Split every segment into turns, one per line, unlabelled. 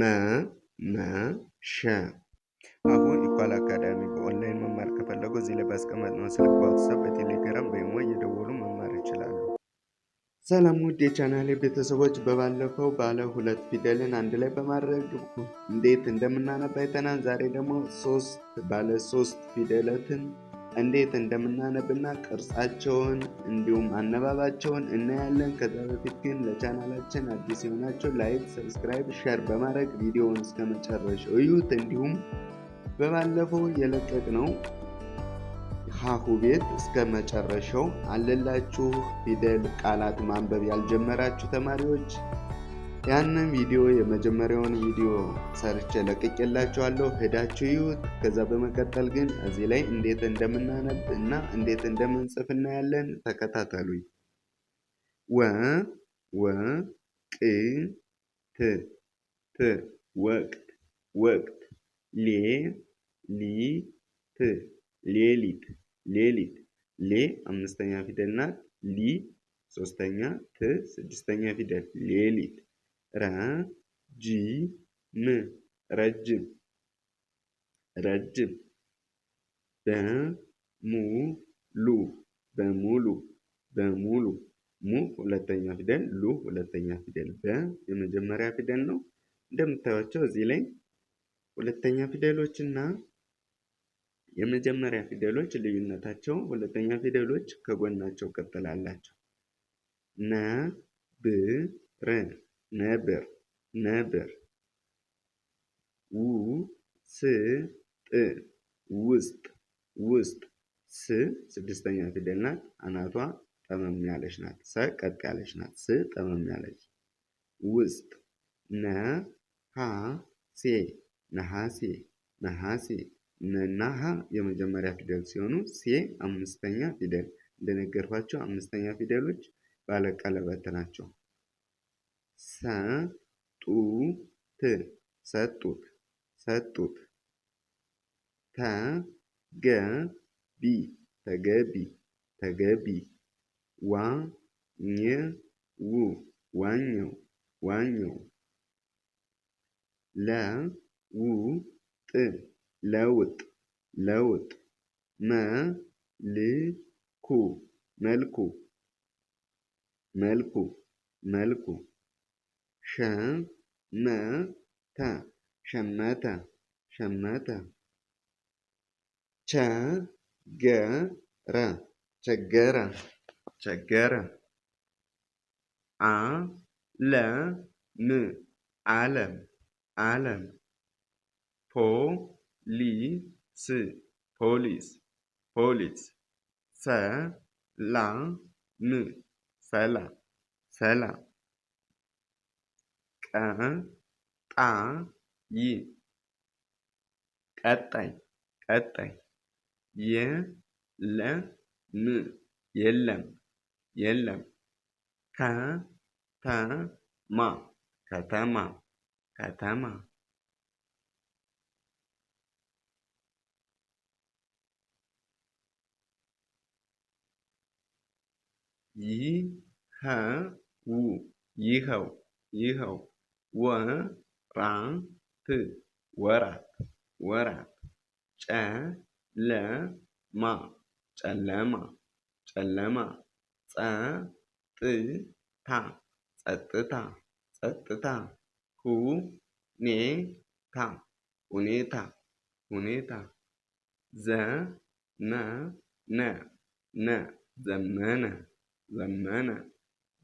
መ መ ሸ አሁን ኢኳል አካዳሚ በኦንላይን መማር ከፈለጉ እዚህ ላይ ባስቀመጥነው ስልክ በዋትሳፕ በቴሌግራም በኢሞ እየደወሉ መማር ይችላሉ። ሰላም ውድ የቻናሌ ቤተሰቦች፣ በባለፈው ባለ ሁለት ፊደልን አንድ ላይ በማድረግ እንዴት እንደምናነባ አይተናል። ዛሬ ደግሞ ሶስት ባለ ሶስት ፊደላትን እንዴት እንደምናነብና ቅርጻቸውን እንዲሁም አነባባቸውን እናያለን። ከዛ በፊት ግን ለቻናላችን አዲስ የሆናቸው ላይክ፣ ሰብስክራይብ፣ ሸር በማድረግ ቪዲዮውን እስከ መጨረሻው እዩት። እንዲሁም በባለፈው የለቀቅ ነው ሀሁ ቤት እስከ መጨረሻው አለላችሁ ፊደል ቃላት ማንበብ ያልጀመራችሁ ተማሪዎች ያንን ቪዲዮ የመጀመሪያውን ቪዲዮ ሰርቼ ለቅቄላችኋለሁ። ሄዳችሁ ይዩት። ከዛ በመቀጠል ግን እዚህ ላይ እንዴት እንደምናነብ እና እንዴት እንደምንጽፍ እናያለን። ተከታተሉኝ። ወ ወ ቅ ት ት ወቅት ወቅት ሌ ሊ ት ሌሊት ሌሊት ሌ አምስተኛ ፊደል ናት። ሊ ሶስተኛ፣ ት ስድስተኛ ፊደል ሌሊት ረጂም ረጅም ረጅም በሙሉ በሙሉ በሙሉ ሙ ሁለተኛ ፊደል ሉ ሁለተኛ ፊደል በ የመጀመሪያ ፊደል ነው። እንደምታዩቸው እዚህ ላይ ሁለተኛ ፊደሎችና የመጀመሪያ ፊደሎች ልዩነታቸው ሁለተኛ ፊደሎች ከጎናቸው ቅጥል አላቸው። ነብር ነበር ነበር ውስጥ ውስጥ ውስጥ ስ ስድስተኛ ፊደል ናት። አናቷ ጠመም ያለች ናት። ሰ ቀጥ ያለች ናት። ስ ጠመም ያለች ውስጥ ነ ሀ ሴ ነሐሴ ነሐሴ ነና ሀ የመጀመሪያ ፊደል ሲሆኑ ሴ አምስተኛ ፊደል እንደነገርኳቸው አምስተኛ ፊደሎች ባለቀለበት ናቸው። ሰጡት ሰጡት ሰጡት ተገቢ ተገቢ ተገቢ ዋኘው ዋኘው ዋኘው ለውጥ ለውጥ ለውጥ መልኩ መልኩ መልኩ መልኩ ሸመተ ሸመተ ሸመተ ቸገረ ቸገረ ቸገረ አለም አለም አለም ፖሊስ ፖሊስ ፖሊስ ሰላም ሰላም ሰላም ቀጣይ ቀጣይ ቀጣይ የለም የለም የለም ከተማ ከተማ ከተማ ይኸው ይኸው ይኸው ወራት ወራት ወራት ጨለማ ጨለማ ጨለማ ጸጥታ ጸጥታ ጸጥታ ሁኔታ ሁኔታ ሁኔታ ዘመነ ነ ዘመነ ዘመነ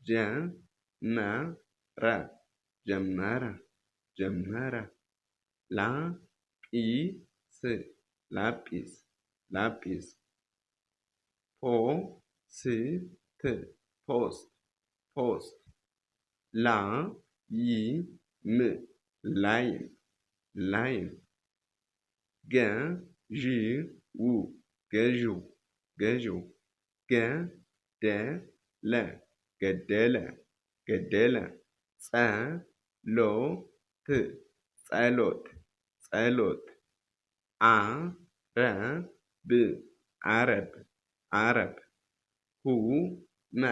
ጀመረ i j'aimerais. Lapis, lapis, post, post la poste. me lime, lime. Gain, ji ou, gajou, gajou. Gain, de, le, gadela, gadela. ሎ ት ጸሎት ጸሎት አ ረ ብ አረብ አረብ ሁ መ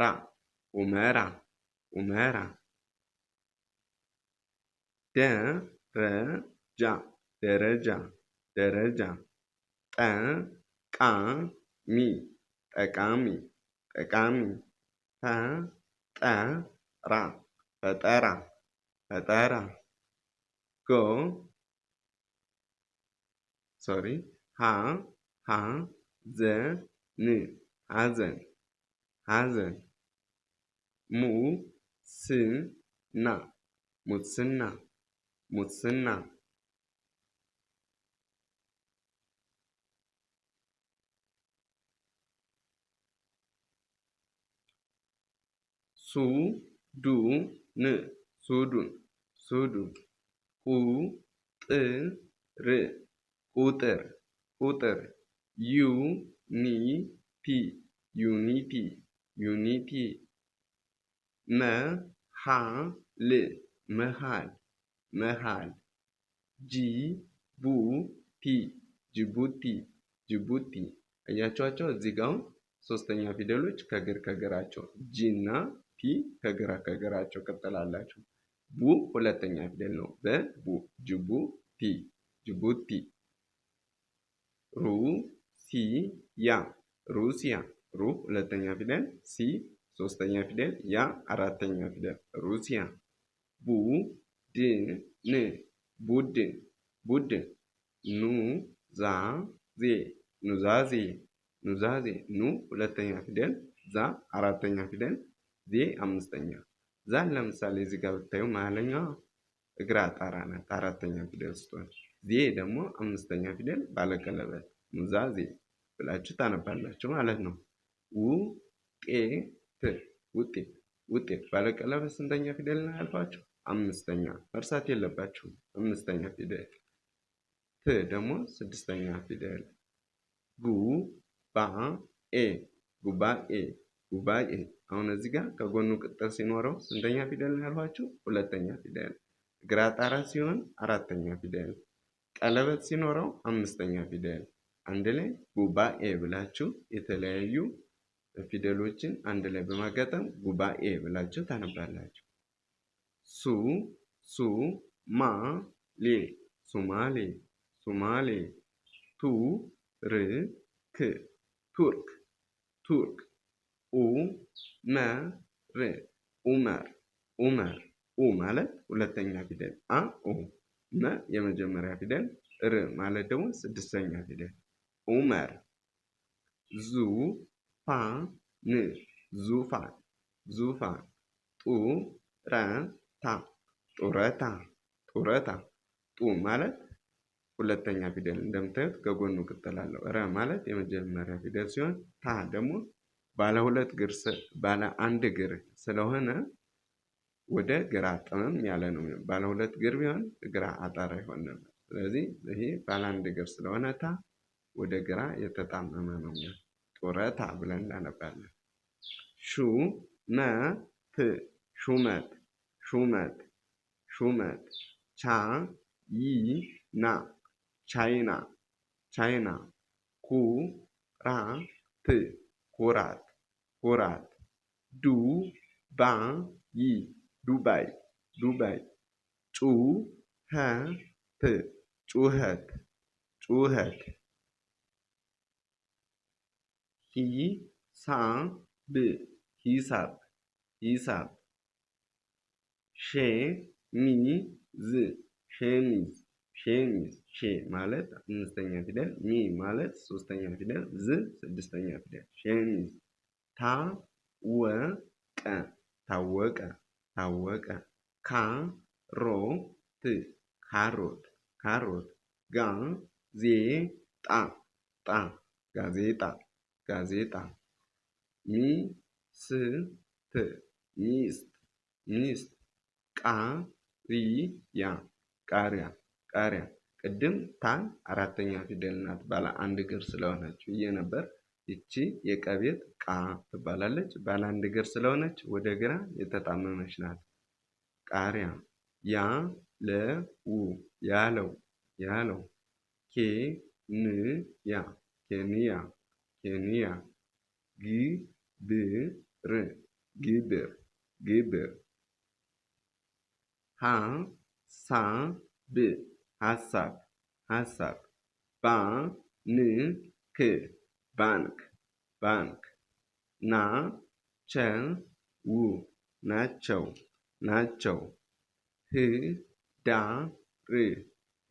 ራ ሁመራ ሁመራ ደ ረ ጃ ደረጃ ደረጃ ጠ ቃ ሚ ጠቃሚ ጠቃሚ ተ ጠ ራ ፈጠራ Atara. Go. Sorry. Ha. Ha. Ze. Ni. Hazen. Hazen. Mu. Sin. Na. Mutsinna. Mutsinna. Su. Du. N. ሱዱ ሱዱ ቁጥር ቁጥር ቁጥር ዩኒቲ ዩኒቲ ል መሃል መሃል መሃል ቲ ጅቡቲ ጅቡቲ አያችኋቸው እዚህ ጋ አሁን ሶስተኛ ፊደሎች ከግር ከግራቸው ጂ እና ፒ ከግራ ከግራቸው ቅጥል ቡ ሁለተኛ ፊደል ነው። ቡ ጅቡቲ ጅቡቲ። ሩሲያ ሩሲያ። ሩ ሁለተኛ ፊደል፣ ሲ ሶስተኛ ፊደል፣ ያ አራተኛ ፊደል። ሩሲያ። ቡድን ቡድን ቡድን። ኑዛዜ ኑዛዜ ኑዛዜ። ኑ ሁለተኛ ፊደል፣ ዛ አራተኛ ፊደል፣ ዜ አምስተኛ ዛን ለምሳሌ እዚህ ጋር ብታዩ መሀለኛዋ እግራ አጣራ ናት፣ አራተኛ ፊደል ስትሆን ዜ ደግሞ አምስተኛ ፊደል ባለቀለበት ሙዛ ዜ ብላችሁ ታነባላችሁ ማለት ነው። ውጤት ውጤት ውጤት ባለቀለበት ስንተኛ ፊደል ነው ያልኳችሁ? አምስተኛ። መርሳት የለባችሁም አምስተኛ ፊደል። ት ደግሞ ስድስተኛ ፊደል። ጉ ባ ኤ ጉባኤ ጉባኤ አሁን እዚህ ጋር ከጎኑ ቅጥል ሲኖረው ስንተኛ ፊደል ነው ያልኋችሁ? ሁለተኛ ፊደል። ግራጣራ ሲሆን አራተኛ ፊደል። ቀለበት ሲኖረው አምስተኛ ፊደል። አንድ ላይ ጉባኤ ብላችሁ የተለያዩ ፊደሎችን አንድ ላይ በማጋጠም ጉባኤ ብላችሁ ታነባላችሁ። ሱ ሱ ማ ሌ ሱማሌ ሱማሌ ቱ ር ክ ቱርክ ቱርክ ኡ መ ር ኡመር ኡመር ኡ ማለት ሁለተኛ ፊደል አ ኡ መ የመጀመሪያ ፊደል ር ማለት ደግሞ ስድስተኛ ፊደል ኡመር ዙ ፋ ን ዙፋን ዙፋን ጡ ረ ታ ጡረታ ጡረታ ጡ ማለት ሁለተኛ ፊደል እንደምታዩት ከጎኑ ቅጠል አለው። ረ ማለት የመጀመሪያ ፊደል ሲሆን ታ ደግሞ ባለ ሁለት እግር ባለ አንድ እግር ስለሆነ ወደ ግራ ጥመም ያለ ነው። ባለ ሁለት እግር ቢሆን ግራ አጠራ ይሆን ነበር። ስለዚህ ይሄ ባለ አንድ እግር ስለሆነ ታ ወደ ግራ የተጣመመ ነው። ጡረታ ብለን እናነባለን። ሹ መ ት ሹመት ሹመት ሹመት ቻ ይ ና ቻይና ቻይና ኩ ራ ት ኩራት ወራት ዱባይ ዱባይ ዱባይ ጩኸት ጩኸት ጩኸት ሂሳብ ሂሳብ ሂሳብ ሸሚዝ ሸሚዝ ሸሚዝ ሼ ማለት አምስተኛ ፊደል ሚ ማለት ሶስተኛ ፊደል ዝ ስድስተኛ ፊደል ሼሚዝ ታወቀ ታወቀ ታወቀ ካሮት ካሮት ካሮት ጋዜጣ ጣ ጋዜጣ ጋዜጣ ሚስት ሚስት ሚስት ቃሪያ ቃሪያ ቃሪያ ቅድም ታ አራተኛ ፊደል ናት ባለ አንድ እግር ስለሆነች ብዬ ነበር ይቺ የቀቤት ቃ ትባላለች። ባለ አንድ እግር ስለሆነች ወደ ግራ የተጣመመች ናት። ቃሪያ ያ ው ያለው ያለው ኬ ን ያ ኬንያ ኬንያ ግ ብ ር ግብር ግብር ሀ ሳ ብ ሀሳብ ሀሳብ ባ ን ክ ባንክ ባንክ ና ቸ ው ናቸው ናቸው ህዳር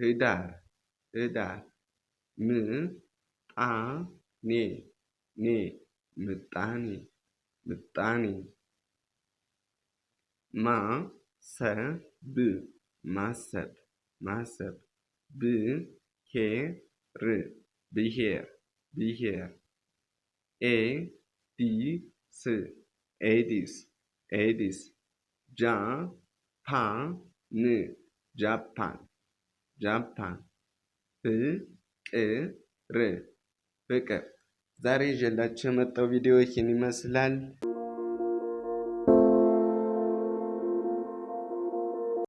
ህዳር ህዳር ምጣኔ ኔ ምጣኔ ምጣኔ ማሰብ ማሰብ ማሰብ ር ብሄር Bier et A et dix, et Adis Japan, Japan, Japan. ፍቅር ዛሬ ይዤላችሁ የመጣው